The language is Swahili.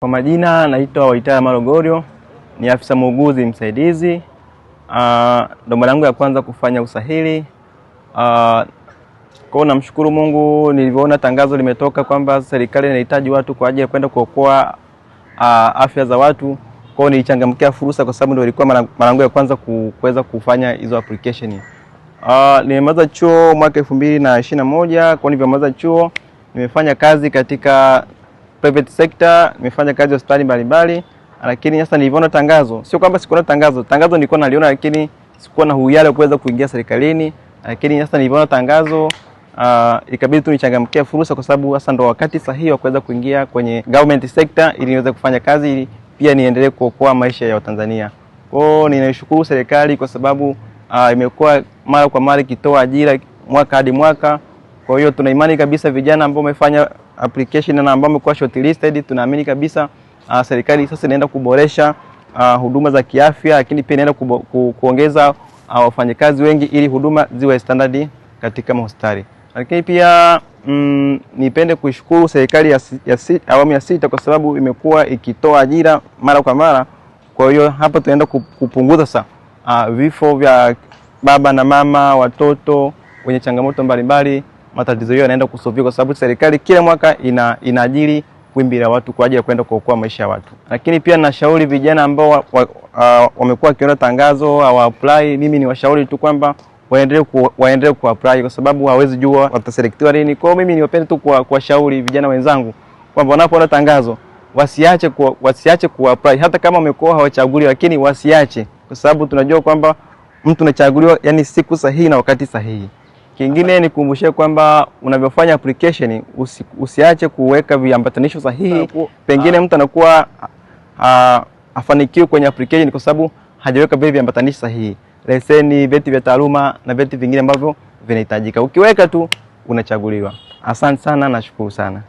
Kwa majina naitwa Waitaya Marogorio, ni afisa muuguzi msaidizi. Ah, Ndo mara yangu ya kwanza kufanya usahili. Ah, kwao. namshukuru Mungu nilivyoona tangazo limetoka kwamba serikali inahitaji watu kwa ajili ya kwenda kuokoa ah, afya za watu, kwao nilichangamkia fursa kwa sababu ndio ilikuwa mara yangu ya kwanza kuweza kufanya hizo application. Nimemaliza chuo mwaka elfu mbili na ishirini na moja kwao nilivyomaliza chuo nimefanya kazi katika private sector, nimefanya kazi hospitali mbalimbali, lakini sasa nilivyoona tangazo, sio kwamba sikuona tangazo, tangazo nilikuwa naliona, lakini sikuwa na wa kuweza kuingia serikalini, lakini sasa nilivyoona tangazo Uh, ikabidi tu nichangamkie fursa kwa sababu sasa ndo wakati sahihi wa kuweza kuingia kwenye government sector ili niweze kufanya kazi ili pia niendelee kuokoa maisha ya Watanzania. Kwa hiyo ninaishukuru serikali kwa sababu uh, imekuwa mara kwa mara ikitoa ajira mwaka hadi mwaka kwa hiyo tuna imani kabisa vijana ambao wamefanya application na ambao wamekuwa shortlisted, tunaamini kabisa uh, serikali sasa inaenda kuboresha uh, huduma za kiafya, lakini pia inaenda ku, kuongeza uh, wafanyakazi wengi ili huduma ziwe standard katika mahospitali. Lakini pia mm, nipende kuishukuru serikali ya, ya, awamu ya sita kwa sababu imekuwa ikitoa ajira mara kwa mara. Kwa hiyo hapa tunaenda kupunguza sa uh, vifo vya baba na mama, watoto wenye changamoto mbalimbali mbali matatizo hiyo yanaenda kusolviwa, kwa sababu serikali kila mwaka ina inaajiri wimbi la watu kwa ajili ya kwenda kuokoa maisha ya watu. Lakini pia nashauri vijana ambao wa, wa, uh, wamekuwa wakiona tangazo au apply, mimi ni washauri tu kwamba waendelee ku, waendelee ku apply kwa sababu hawezi jua wataselectiwa nini. Kwa hiyo mimi niwapende tu kuwashauri vijana wenzangu kwamba wanapoona tangazo wasiache ku, wasiache ku apply hata kama wamekoa hawachaguli, lakini wasiache, kwa sababu tunajua kwamba mtu anachaguliwa yani siku sahihi na wakati sahihi. Kingine nikumbushie kwamba unavyofanya application usi, usiache kuweka viambatanisho sahihi. Ah. Pengine mtu anakuwa afanikiwe kwenye application kwa sababu hajaweka vile viambatanisho sahihi, leseni, vyeti vya taaluma na vyeti vingine ambavyo vinahitajika. Ukiweka tu unachaguliwa. Asante sana, nashukuru sana.